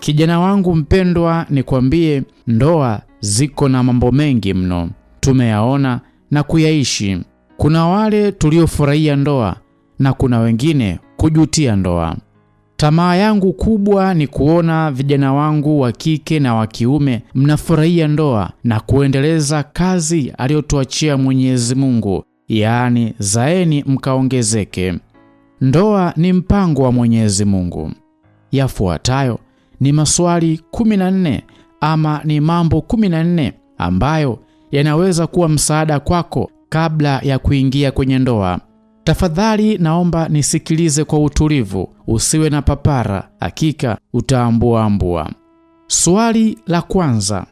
Kijana wangu mpendwa, nikwambie, ndoa ziko na mambo mengi mno, tumeyaona na kuyaishi. Kuna wale tuliofurahia ndoa na kuna wengine kujutia ndoa. Tamaa yangu kubwa ni kuona vijana wangu wa kike na wa kiume mnafurahia ndoa na kuendeleza kazi aliyotuachia Mwenyezi Mungu, yaani zaeni mkaongezeke. Ndoa ni mpango wa Mwenyezi Mungu. Yafuatayo ni maswali 14 ama ni mambo 14 ambayo yanaweza kuwa msaada kwako kabla ya kuingia kwenye ndoa. Tafadhali naomba nisikilize kwa utulivu, usiwe na papara, hakika utaambuaambua. Swali la kwanza,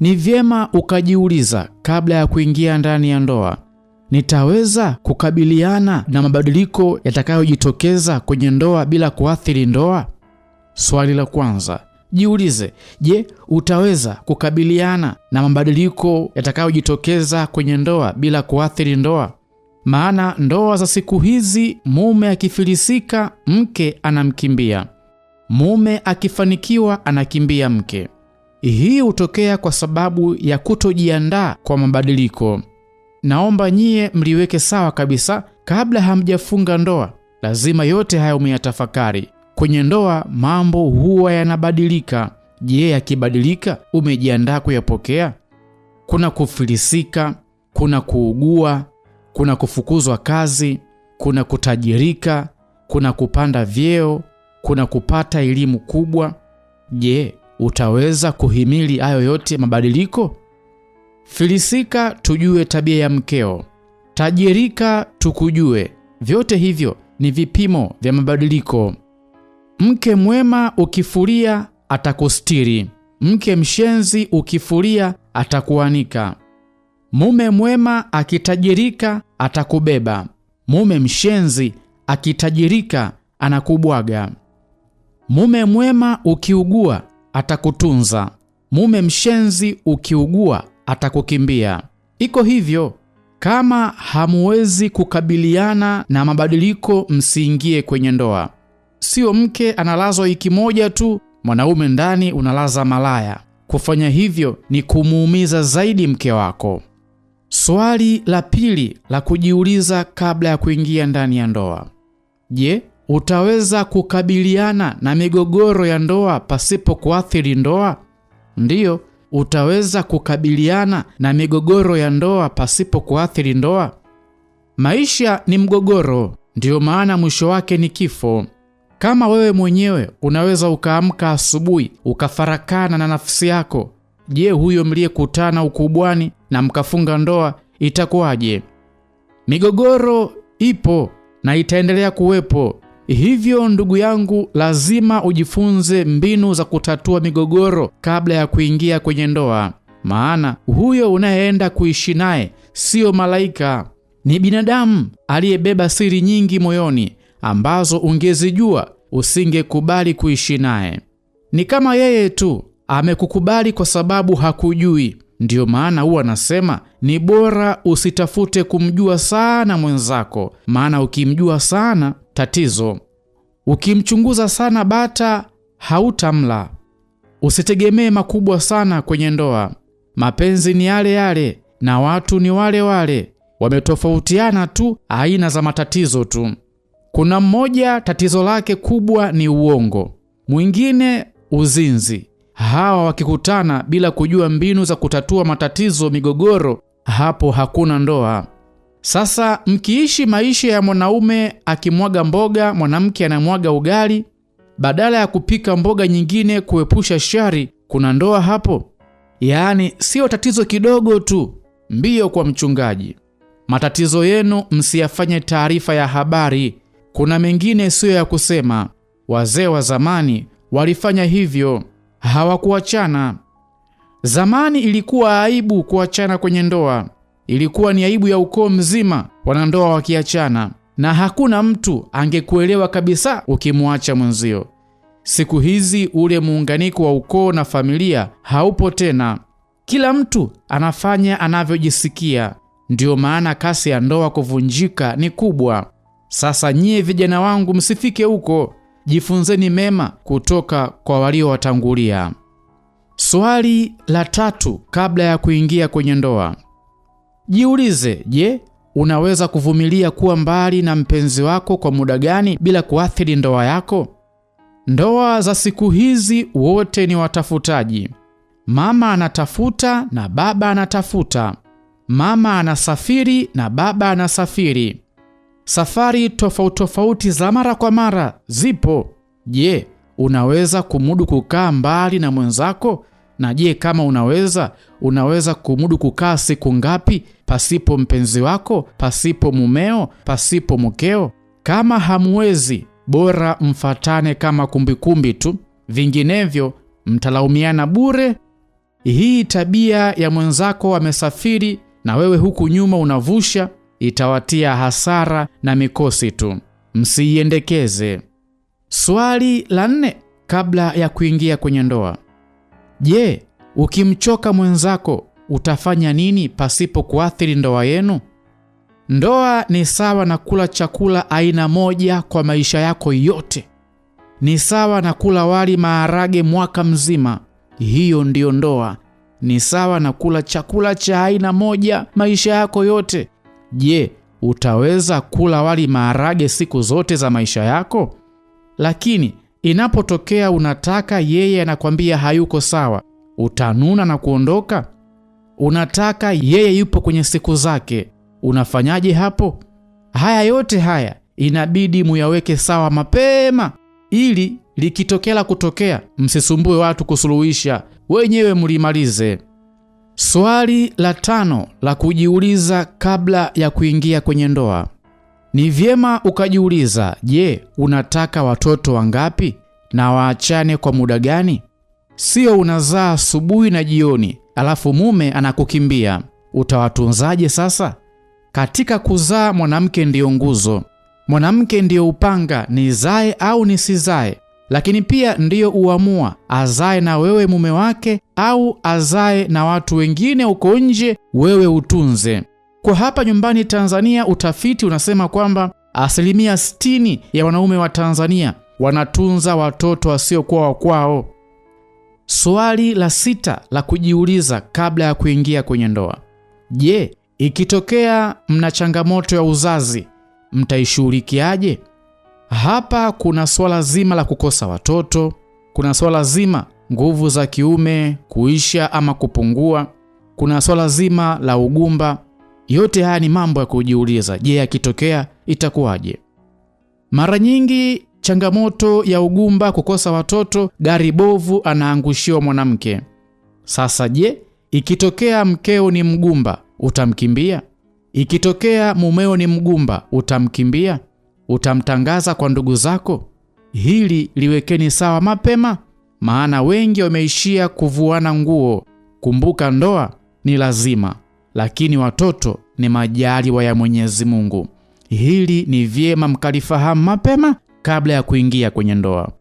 ni vyema ukajiuliza kabla ya kuingia ndani ya ndoa, nitaweza kukabiliana na mabadiliko yatakayojitokeza kwenye ndoa bila kuathiri ndoa? Swali la kwanza, jiulize, je, utaweza kukabiliana na mabadiliko yatakayojitokeza kwenye ndoa bila kuathiri ndoa? Maana ndoa za siku hizi, mume akifilisika, mke anamkimbia; mume akifanikiwa, anakimbia mke. Hii hutokea kwa sababu ya kutojiandaa kwa mabadiliko. Naomba nyie mliweke sawa kabisa kabla hamjafunga ndoa. Lazima yote haya umeyatafakari. Kwenye ndoa mambo huwa yanabadilika. Je, yakibadilika umejiandaa kuyapokea? Kuna kufilisika, kuna kuugua, kuna kufukuzwa kazi, kuna kutajirika, kuna kupanda vyeo, kuna kupata elimu kubwa. Je, utaweza kuhimili hayo yote mabadiliko? Filisika, tujue tabia ya mkeo. Tajirika, tukujue. Vyote hivyo ni vipimo vya mabadiliko. Mke mwema ukifuria atakustiri, mke mshenzi ukifuria atakuanika. Mume mwema akitajirika atakubeba, mume mshenzi akitajirika anakubwaga. Mume mwema ukiugua atakutunza, mume mshenzi ukiugua atakukimbia. Iko hivyo. Kama hamuwezi kukabiliana na mabadiliko, msiingie kwenye ndoa. Sio mke analazwa wiki moja tu, mwanaume ndani unalaza malaya. Kufanya hivyo ni kumuumiza zaidi mke wako. Swali la pili la kujiuliza kabla ya kuingia ndani ya ndoa: je, utaweza kukabiliana na migogoro ya ndoa pasipo kuathiri ndoa? Ndiyo, utaweza kukabiliana na migogoro ya ndoa pasipo kuathiri ndoa. Maisha ni mgogoro, ndiyo maana mwisho wake ni kifo. Kama wewe mwenyewe unaweza ukaamka asubuhi ukafarakana na nafsi yako, je, huyo mliyekutana ukubwani na mkafunga ndoa itakuwaje? Migogoro ipo na itaendelea kuwepo. Hivyo ndugu yangu, lazima ujifunze mbinu za kutatua migogoro kabla ya kuingia kwenye ndoa, maana huyo unayeenda kuishi naye siyo malaika, ni binadamu aliyebeba siri nyingi moyoni ambazo ungezijua usingekubali kuishi naye. Ni kama yeye tu amekukubali kwa sababu hakujui. Ndiyo maana huwa anasema ni bora usitafute kumjua sana mwenzako, maana ukimjua sana tatizo, ukimchunguza sana bata hautamla. Usitegemee makubwa sana kwenye ndoa. Mapenzi ni yale yale na watu ni wale wale, wametofautiana tu aina za matatizo tu. Kuna mmoja tatizo lake kubwa ni uongo, mwingine uzinzi. Hawa wakikutana bila kujua mbinu za kutatua matatizo, migogoro, hapo hakuna ndoa. Sasa mkiishi maisha ya mwanaume akimwaga mboga, mwanamke anamwaga ugali, badala ya kupika mboga nyingine kuepusha shari, kuna ndoa hapo? Yaani sio tatizo kidogo tu. Mbio kwa mchungaji, matatizo yenu msiyafanye taarifa ya habari, kuna mengine siyo ya kusema, wazee wa zamani walifanya hivyo, hawakuachana. Zamani ilikuwa aibu kuachana kwenye ndoa, ilikuwa ni aibu ya ukoo mzima wanandoa wakiachana, na hakuna mtu angekuelewa kabisa ukimwacha mwenzio. Siku hizi ule muunganiko wa ukoo na familia haupo tena, kila mtu anafanya anavyojisikia. Ndiyo maana kasi ya ndoa kuvunjika ni kubwa. Sasa nyie vijana wangu, msifike huko, jifunzeni mema kutoka kwa waliowatangulia. Swali la tatu kabla ya kuingia kwenye ndoa, jiulize, je, unaweza kuvumilia kuwa mbali na mpenzi wako kwa muda gani bila kuathiri ndoa yako? Ndoa za siku hizi wote ni watafutaji. Mama anatafuta na baba anatafuta, mama anasafiri na baba anasafiri, Safari tofauti tofauti za mara kwa mara zipo. Je, unaweza kumudu kukaa mbali na mwenzako? Na je, kama unaweza, unaweza kumudu kukaa siku ngapi pasipo mpenzi wako, pasipo mumeo, pasipo mkeo? Kama hamwezi, bora mfatane kama kumbikumbi tu, vinginevyo mtalaumiana bure. Hii tabia ya mwenzako amesafiri na wewe huku nyuma unavusha itawatia hasara na mikosi tu, msiiendekeze. Swali la nne kabla ya kuingia kwenye ndoa: Je, ukimchoka mwenzako utafanya nini pasipo kuathiri ndoa yenu? Ndoa ni sawa na kula chakula aina moja kwa maisha yako yote. Ni sawa na kula wali maharage mwaka mzima. Hiyo ndiyo ndoa. Ni sawa na kula chakula cha aina moja maisha yako yote. Je, utaweza kula wali maharage siku zote za maisha yako? Lakini inapotokea unataka yeye anakwambia hayuko sawa, utanuna na kuondoka? Unataka yeye yupo kwenye siku zake, unafanyaje hapo? Haya yote haya inabidi muyaweke sawa mapema, ili likitokea la kutokea msisumbue watu kusuluhisha, wenyewe mlimalize. Swali la tano la kujiuliza kabla ya kuingia kwenye ndoa. Ni vyema ukajiuliza, je, unataka watoto wangapi na waachane kwa muda gani? Sio unazaa asubuhi na jioni, alafu mume anakukimbia. Utawatunzaje sasa? Katika kuzaa mwanamke ndiyo nguzo, mwanamke ndiyo upanga, nizae au nisizae lakini pia ndiyo uamua azae na wewe mume wake au azae na watu wengine huko nje, wewe utunze. Kwa hapa nyumbani Tanzania, utafiti unasema kwamba asilimia 60 ya wanaume wa Tanzania wanatunza watoto wasiokuwa wa kwao. Swali la sita la kujiuliza kabla ya kuingia kwenye ndoa: je, ikitokea mna changamoto ya uzazi mtaishughulikiaje? Hapa kuna swala zima la kukosa watoto, kuna swala zima nguvu za kiume kuisha ama kupungua, kuna swala zima la ugumba. Yote haya ni mambo ya kujiuliza, je, yakitokea itakuwaje? Mara nyingi changamoto ya ugumba, kukosa watoto, gari bovu, anaangushiwa mwanamke. Sasa je, ikitokea mkeo ni mgumba, utamkimbia? Ikitokea mumeo ni mgumba, utamkimbia? utamtangaza kwa ndugu zako? Hili liwekeni sawa mapema, maana wengi wameishia kuvuana nguo. Kumbuka, ndoa ni lazima, lakini watoto ni majaliwa ya Mwenyezi Mungu. Hili ni vyema mkalifahamu mapema kabla ya kuingia kwenye ndoa.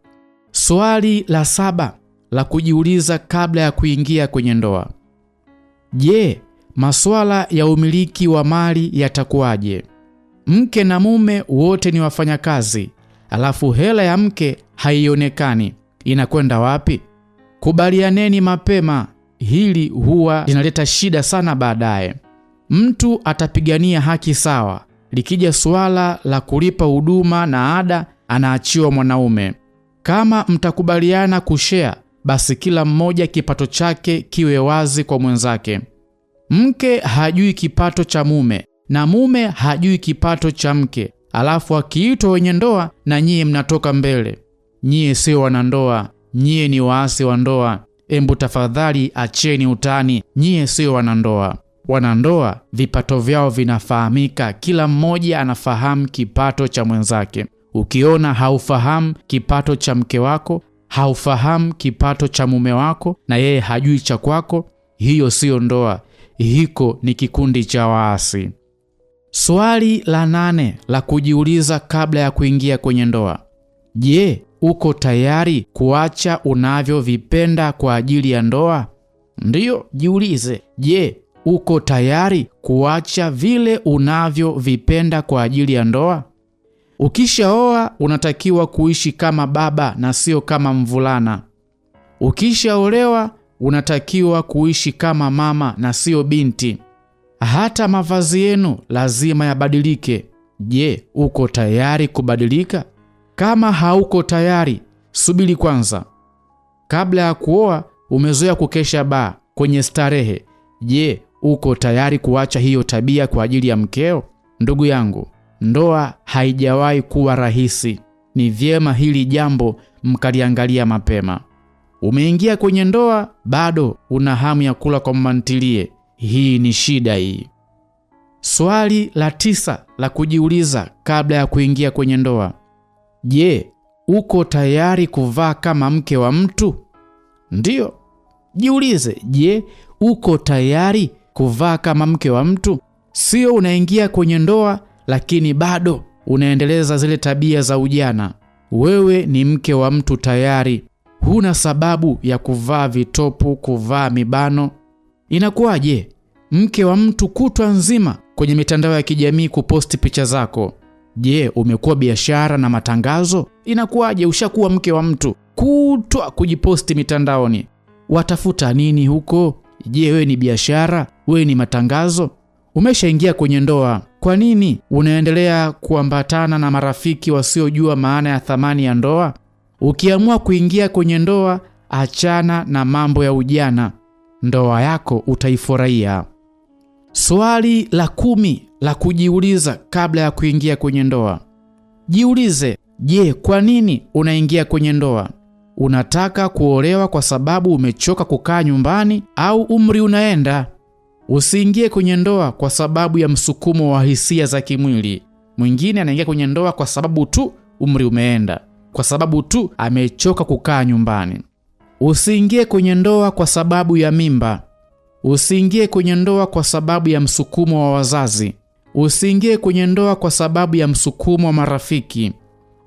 Swali la saba la kujiuliza kabla ya kuingia kwenye ndoa: Je, masuala ya umiliki wa mali yatakuwaje? mke na mume wote ni wafanyakazi, alafu hela ya mke haionekani, inakwenda wapi? Kubalianeni mapema, hili huwa linaleta shida sana baadaye. Mtu atapigania haki sawa, likija suala la kulipa huduma na ada, anaachiwa mwanaume. Kama mtakubaliana kushea, basi kila mmoja kipato chake kiwe wazi kwa mwenzake. Mke hajui kipato cha mume na mume hajui kipato cha mke, alafu akiitwa wenye ndoa na nyiye mnatoka mbele. Nyiye sio wanandoa, nyiye ni waasi wa ndoa. Embu tafadhali acheni utani, nyiye sio wanandoa. Wanandoa vipato vyao vinafahamika, kila mmoja anafahamu kipato cha mwenzake. Ukiona haufahamu kipato cha mke wako, haufahamu kipato cha mume wako, na yeye hajui cha kwako, hiyo siyo ndoa, hiko ni kikundi cha waasi. Swali la nane la kujiuliza kabla ya kuingia kwenye ndoa: je, uko tayari kuacha unavyovipenda kwa ajili ya ndoa? Ndiyo, jiulize, je, uko tayari kuacha vile unavyovipenda kwa ajili ya ndoa? Ukishaoa unatakiwa kuishi kama baba na sio kama mvulana. Ukishaolewa unatakiwa kuishi kama mama na sio binti hata mavazi yenu lazima yabadilike. Je, uko tayari kubadilika? Kama hauko tayari, subili kwanza. Kabla ya kuoa umezoea kukesha baa kwenye starehe. Je, uko tayari kuacha hiyo tabia kwa ajili ya mkeo? Ndugu yangu, ndoa haijawahi kuwa rahisi. Ni vyema hili jambo mkaliangalia mapema. Umeingia kwenye ndoa, bado una hamu ya kula kwa mmantilie, hii ni shida hii. Swali la tisa la kujiuliza kabla ya kuingia kwenye ndoa: je, uko tayari kuvaa kama mke wa mtu? Ndiyo, jiulize, je, uko tayari kuvaa kama mke wa mtu? Sio unaingia kwenye ndoa lakini bado unaendeleza zile tabia za ujana. Wewe ni mke wa mtu tayari, huna sababu ya kuvaa vitopu, kuvaa mibano Inakuwaje mke wa mtu kutwa nzima kwenye mitandao ya kijamii kuposti picha zako? Je, umekuwa biashara na matangazo? Inakuwaje ushakuwa mke wa mtu kutwa kujiposti mitandaoni? Watafuta nini huko? Je, wewe ni biashara? Wewe ni matangazo? Umeshaingia kwenye ndoa, kwa nini unaendelea kuambatana na marafiki wasiojua maana ya thamani ya ndoa? Ukiamua kuingia kwenye ndoa, achana na mambo ya ujana ndoa yako utaifurahia. Swali la kumi la kujiuliza kabla ya kuingia kwenye ndoa. Jiulize, je, kwa nini unaingia kwenye ndoa? Unataka kuolewa kwa sababu umechoka kukaa nyumbani au umri unaenda? Usiingie kwenye ndoa kwa sababu ya msukumo wa hisia za kimwili. Mwingine anaingia kwenye ndoa kwa sababu tu umri umeenda, kwa sababu tu amechoka kukaa nyumbani. Usiingie kwenye ndoa kwa sababu ya mimba. Usiingie kwenye ndoa kwa sababu ya msukumo wa wazazi. Usiingie kwenye ndoa kwa sababu ya msukumo wa marafiki.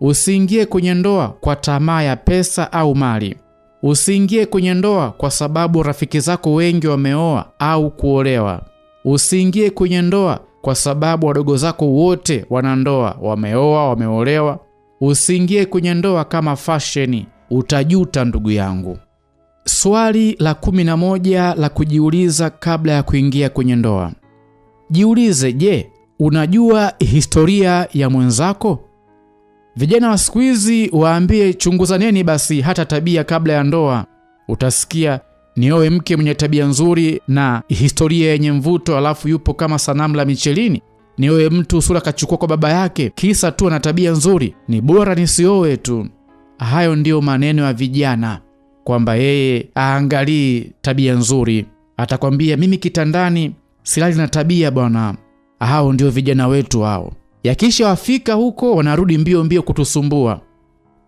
Usiingie kwenye ndoa kwa tamaa ya pesa au mali. Usiingie kwenye ndoa kwa sababu rafiki zako wengi wameoa au kuolewa. Usiingie kwenye ndoa kwa sababu wadogo zako wote wana ndoa, wameoa, wameolewa. Usiingie kwenye ndoa kama fasheni utajuta ndugu yangu. Swali la kumi na moja la kujiuliza kabla ya kuingia kwenye ndoa. Jiulize, je, unajua historia ya mwenzako? Vijana wa siku hizi waambie, chunguzaneni basi hata tabia kabla ya ndoa. Utasikia niowe mke mwenye tabia nzuri na historia yenye mvuto, alafu yupo kama sanamu la michelini. niowe mtu sura kachukua kwa baba yake, kisa tu ana tabia nzuri. Ni bora nisiowe tu. Hayo ndiyo maneno ya vijana, kwamba yeye aangalii tabia nzuri. Atakwambia mimi kitandani silali na tabia bwana. Hao ndio vijana wetu hao. Yakisha wafika huko, wanarudi mbio mbio kutusumbua.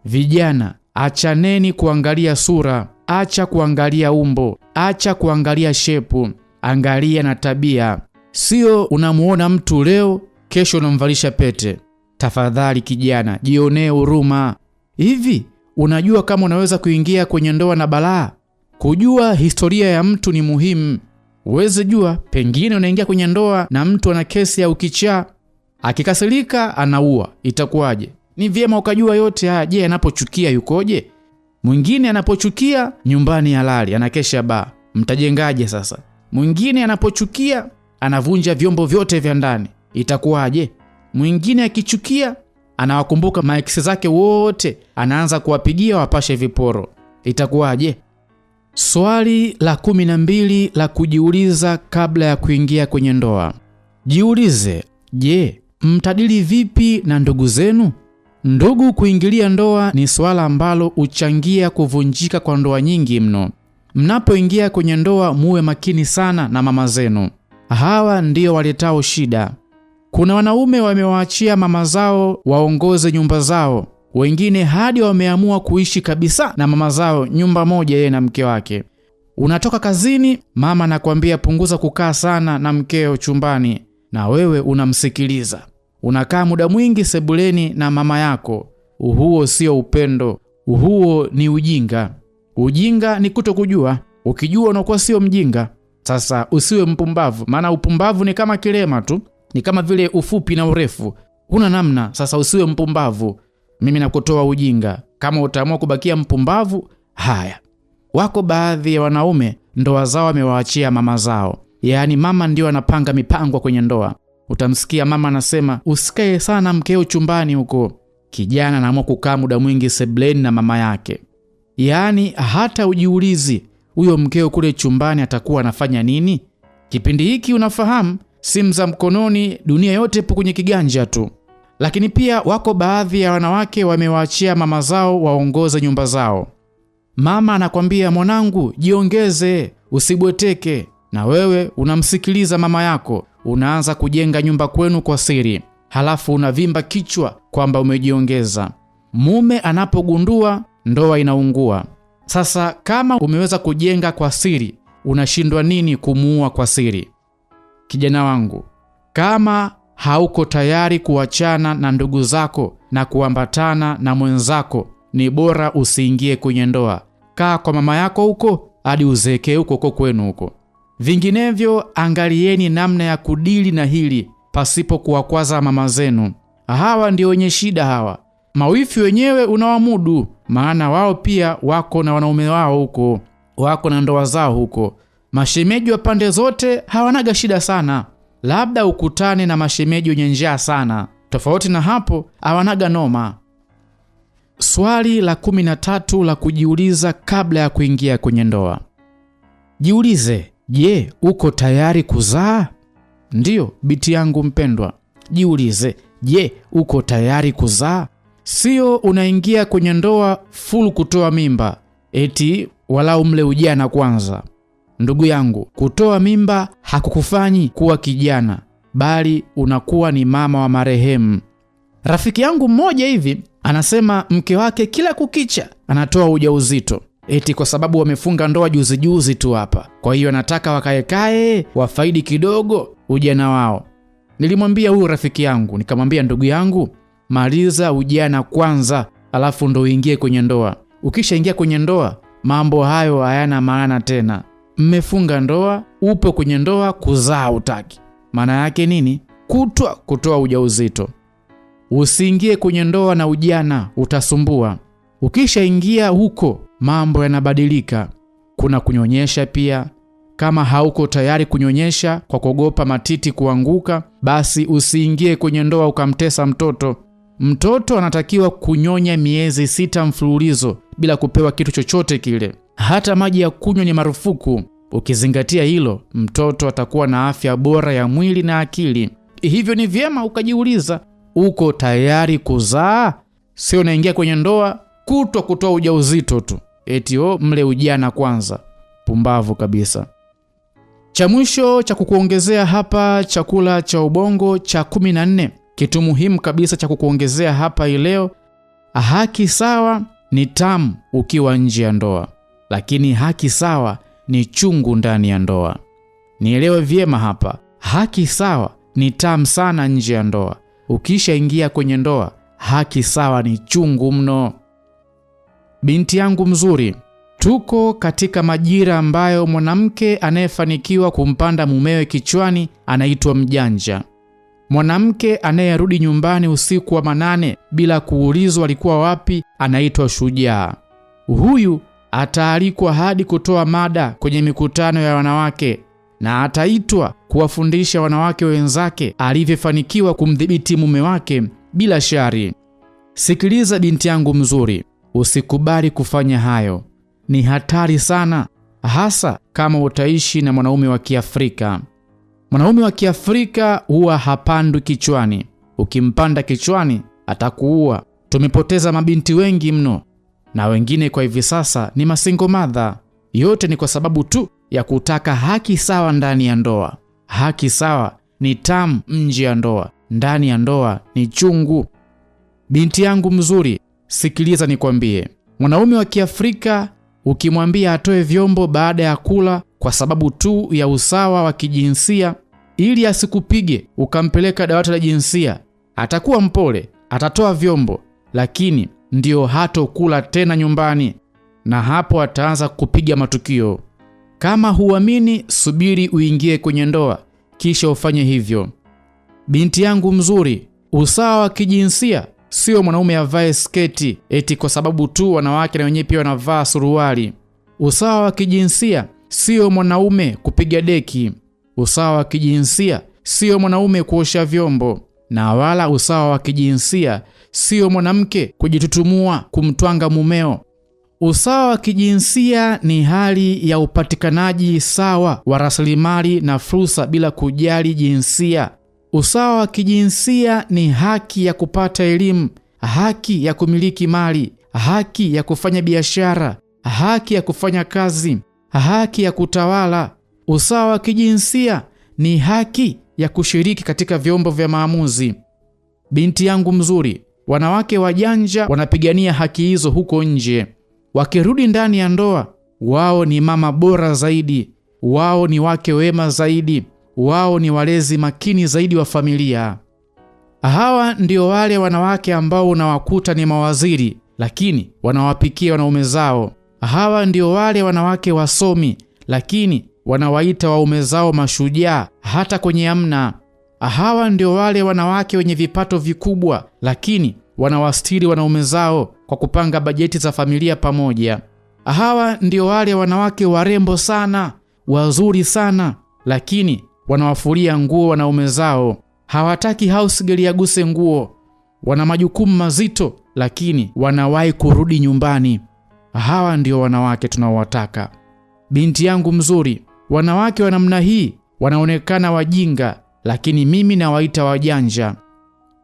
Vijana, achaneni kuangalia sura, acha kuangalia umbo, acha kuangalia shepu, angalia na tabia. Sio unamuona mtu leo, kesho unamvalisha pete. Tafadhali kijana, jionee huruma. Hivi unajua kama unaweza kuingia kwenye ndoa na balaa? Kujua historia ya mtu ni muhimu. Uweze jua, pengine unaingia kwenye ndoa na mtu ana kesi ya ukichaa, akikasirika anaua, itakuwaje? Ni vyema ukajua yote haya. Je, anapochukia yukoje? Mwingine anapochukia nyumbani halali, anakesha baa, mtajengaje sasa? Mwingine anapochukia anavunja vyombo vyote vya ndani, itakuwaje? Mwingine akichukia anawakumbuka maeksi zake wote, anaanza kuwapigia wapashe viporo. Itakuwaje? Swali la kumi na mbili la kujiuliza kabla ya kuingia kwenye ndoa. Jiulize, je, mtadili vipi na ndugu zenu? Ndugu kuingilia ndoa ni swala ambalo huchangia kuvunjika kwa ndoa nyingi mno. Mnapoingia kwenye ndoa, muwe makini sana na mama zenu. Hawa ndiyo waletao shida. Kuna wanaume wamewaachia mama zao waongoze nyumba zao, wengine hadi wameamua kuishi kabisa na mama zao, nyumba moja, yeye na mke wake. Unatoka kazini, mama anakuambia punguza kukaa sana na mkeo chumbani, na wewe unamsikiliza. Unakaa muda mwingi sebuleni na mama yako. Huo sio upendo, huo ni ujinga. Ujinga ni kutokujua. Ukijua unakuwa sio mjinga. Sasa usiwe mpumbavu, maana upumbavu ni kama kilema tu ni kama vile ufupi na urefu. Huna namna. Sasa usiwe mpumbavu, mimi nakutoa ujinga. Kama utaamua kubakia mpumbavu, haya. Wako baadhi ya wanaume ndoa zao amewaachia mama zao, yaani mama ndio anapanga mipango kwenye ndoa. Utamsikia mama anasema usikae sana mkeo chumbani huko. Kijana anaamua kukaa muda mwingi sebleni na mama yake, yaani hata ujiulizi huyo mkeo kule chumbani atakuwa anafanya nini kipindi hiki. Unafahamu simu za mkononi, dunia yote ipo kwenye kiganja tu. Lakini pia wako baadhi ya wanawake wamewaachia mama zao waongoze nyumba zao. Mama anakwambia mwanangu, jiongeze, usibweteke, na wewe unamsikiliza mama yako, unaanza kujenga nyumba kwenu kwa siri, halafu unavimba kichwa kwamba umejiongeza. Mume anapogundua ndoa inaungua. Sasa kama umeweza kujenga kwa siri, unashindwa nini kumuua kwa siri? kijana wangu, kama hauko tayari kuachana na ndugu zako na kuambatana na mwenzako, ni bora usiingie kwenye ndoa. Kaa kwa mama yako huko hadi uzeekee huko huko kwenu huko. Vinginevyo, angalieni namna ya kudili na hili pasipo kuwakwaza mama zenu. Hawa ndio wenye shida hawa. Mawifi wenyewe unawamudu, maana wao pia wako na wanaume wao huko, wako na ndoa zao huko. Mashemeji wa pande zote hawanaga shida sana, labda ukutane na mashemeji wenye njaa sana. Tofauti na hapo, hawanaga noma. Swali la kumi na tatu la kujiuliza kabla ya kuingia kwenye ndoa: jiulize, je, uko tayari kuzaa? Ndiyo biti yangu mpendwa, jiulize, je, uko tayari kuzaa? Sio unaingia kwenye ndoa fulu kutoa mimba, eti walau mle ujana kwanza. Ndugu yangu, kutoa mimba hakukufanyi kuwa kijana, bali unakuwa ni mama wa marehemu. Rafiki yangu mmoja hivi anasema mke wake kila kukicha anatoa ujauzito eti kwa sababu wamefunga ndoa juzi juzi tu hapa, kwa hiyo anataka wakaekae wafaidi kidogo ujana wao. Nilimwambia huyu rafiki yangu, nikamwambia ndugu yangu, maliza ujana kwanza, alafu ndo uingie kwenye ndoa. Ukishaingia kwenye ndoa, mambo hayo hayana maana tena mmefunga ndoa, upo kwenye ndoa, kuzaa utaki. Maana yake nini? Kutwa kutoa ujauzito. Usiingie kwenye ndoa na ujana, utasumbua. Ukishaingia huko, mambo yanabadilika. Kuna kunyonyesha pia. Kama hauko tayari kunyonyesha kwa kuogopa matiti kuanguka, basi usiingie kwenye ndoa ukamtesa mtoto. Mtoto anatakiwa kunyonya miezi sita mfululizo bila kupewa kitu chochote kile. Hata maji ya kunywa ni marufuku. Ukizingatia hilo, mtoto atakuwa na afya bora ya mwili na akili. Hivyo ni vyema ukajiuliza, uko tayari kuzaa? Sio unaingia kwenye ndoa kutwa kutoa ujauzito tu, eti o oh, mle ujana kwanza. Pumbavu kabisa. Cha mwisho cha kukuongezea hapa, chakula cha ubongo cha 14 kitu muhimu kabisa cha kukuongezea hapa ileo, haki sawa ni tamu ukiwa nje ya ndoa lakini haki sawa ni chungu ndani ya ndoa. Nielewe vyema hapa, haki sawa ni tamu sana nje ya ndoa. Ukishaingia kwenye ndoa, haki sawa ni chungu mno. Binti yangu mzuri, tuko katika majira ambayo mwanamke anayefanikiwa kumpanda mumewe kichwani anaitwa mjanja. Mwanamke anayerudi nyumbani usiku wa manane bila kuulizwa alikuwa wapi anaitwa shujaa. Huyu ataalikwa hadi kutoa mada kwenye mikutano ya wanawake na ataitwa kuwafundisha wanawake wenzake alivyofanikiwa kumdhibiti mume wake bila shari. Sikiliza binti yangu mzuri, usikubali kufanya hayo. Ni hatari sana, hasa kama utaishi na mwanaume wa Kiafrika. Mwanaume wa Kiafrika huwa hapandwi kichwani, ukimpanda kichwani atakuua. Tumepoteza mabinti wengi mno na wengine kwa hivi sasa ni masingo madha. Yote ni kwa sababu tu ya kutaka haki sawa ndani ya ndoa. Haki sawa ni tamu nje ya ndoa, ndani ya ndoa ni chungu. Binti yangu mzuri, sikiliza nikwambie, mwanaume wa Kiafrika ukimwambia atoe vyombo baada ya kula kwa sababu tu ya usawa wa kijinsia, ili asikupige ukampeleka dawati la jinsia, atakuwa mpole, atatoa vyombo, lakini ndiyo hatokula tena nyumbani, na hapo ataanza kupiga matukio. Kama huamini, subiri uingie kwenye ndoa, kisha ufanye hivyo. Binti yangu mzuri, usawa wa kijinsia sio mwanaume avae sketi eti kwa sababu tu wanawake na wenyewe pia wanavaa suruali. Usawa wa kijinsia sio mwanaume kupiga deki. Usawa wa kijinsia sio mwanaume kuosha vyombo na wala usawa wa kijinsia, sio mwanamke kujitutumua kumtwanga mumeo. Usawa wa kijinsia ni hali ya upatikanaji sawa wa rasilimali na fursa bila kujali jinsia. Usawa wa kijinsia ni haki ya kupata elimu, haki ya kumiliki mali, haki ya kufanya biashara, haki ya kufanya kazi, haki ya kutawala. Usawa wa kijinsia ni haki ya kushiriki katika vyombo vya maamuzi. Binti yangu mzuri, wanawake wajanja wanapigania haki hizo huko nje. Wakirudi ndani ya ndoa, wao ni mama bora zaidi, wao ni wake wema zaidi, wao ni walezi makini zaidi wa familia. Hawa ndio wale wanawake ambao unawakuta ni mawaziri, lakini wanawapikia wanaume zao. Hawa ndio wale wanawake wasomi, lakini wanawaita waume zao mashujaa hata kwenye amna. Hawa ndio wale wanawake wenye vipato vikubwa, lakini wanawastiri wanaume zao kwa kupanga bajeti za familia pamoja. Hawa ndio wale wanawake warembo sana, wazuri sana, lakini wanawafulia nguo wanaume zao. Hawataki house girl yaguse nguo. Wana majukumu mazito, lakini wanawahi kurudi nyumbani. Hawa ndio wanawake tunaowataka. Binti yangu mzuri, Wanawake wa namna hii wanaonekana wajinga, lakini mimi nawaita wajanja.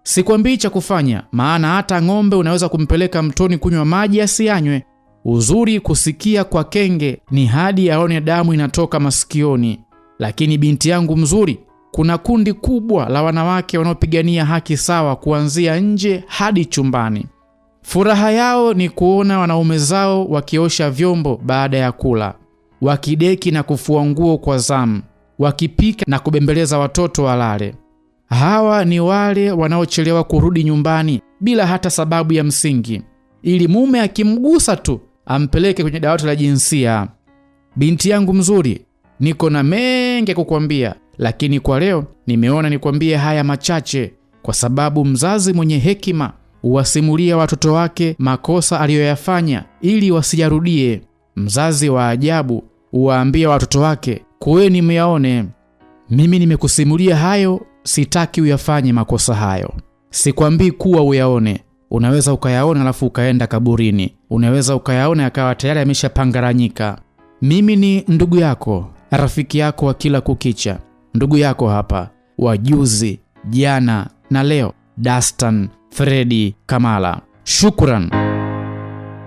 Sikwambii cha kufanya, maana hata ng'ombe unaweza kumpeleka mtoni kunywa maji asiyanywe. Uzuri kusikia kwa kenge ni hadi aone damu inatoka masikioni. Lakini binti yangu mzuri, kuna kundi kubwa la wanawake wanaopigania haki sawa kuanzia nje hadi chumbani. Furaha yao ni kuona wanaume zao wakiosha vyombo baada ya kula wakideki na kufua nguo kwa zamu, wakipika na kubembeleza watoto walale. Hawa ni wale wanaochelewa kurudi nyumbani bila hata sababu ya msingi, ili mume akimgusa tu ampeleke kwenye dawati la jinsia. Binti yangu mzuri, niko na mengi ya kukwambia, lakini kwa leo nimeona nikwambie haya machache, kwa sababu mzazi mwenye hekima huwasimulia watoto wake makosa aliyoyafanya ili wasiyarudie. Mzazi wa ajabu uwaambie watoto wake, kuweni myaone. Mimi nimekusimulia hayo, sitaki uyafanye makosa hayo. Sikwambii kuwa uyaone. Unaweza ukayaona alafu ukaenda kaburini, unaweza ukayaona yakawa tayari yameshapangaranyika. Mimi ni ndugu yako, rafiki yako wa kila kukicha, ndugu yako hapa wajuzi, jana na leo, Dastan Fredi Kamala. Shukran.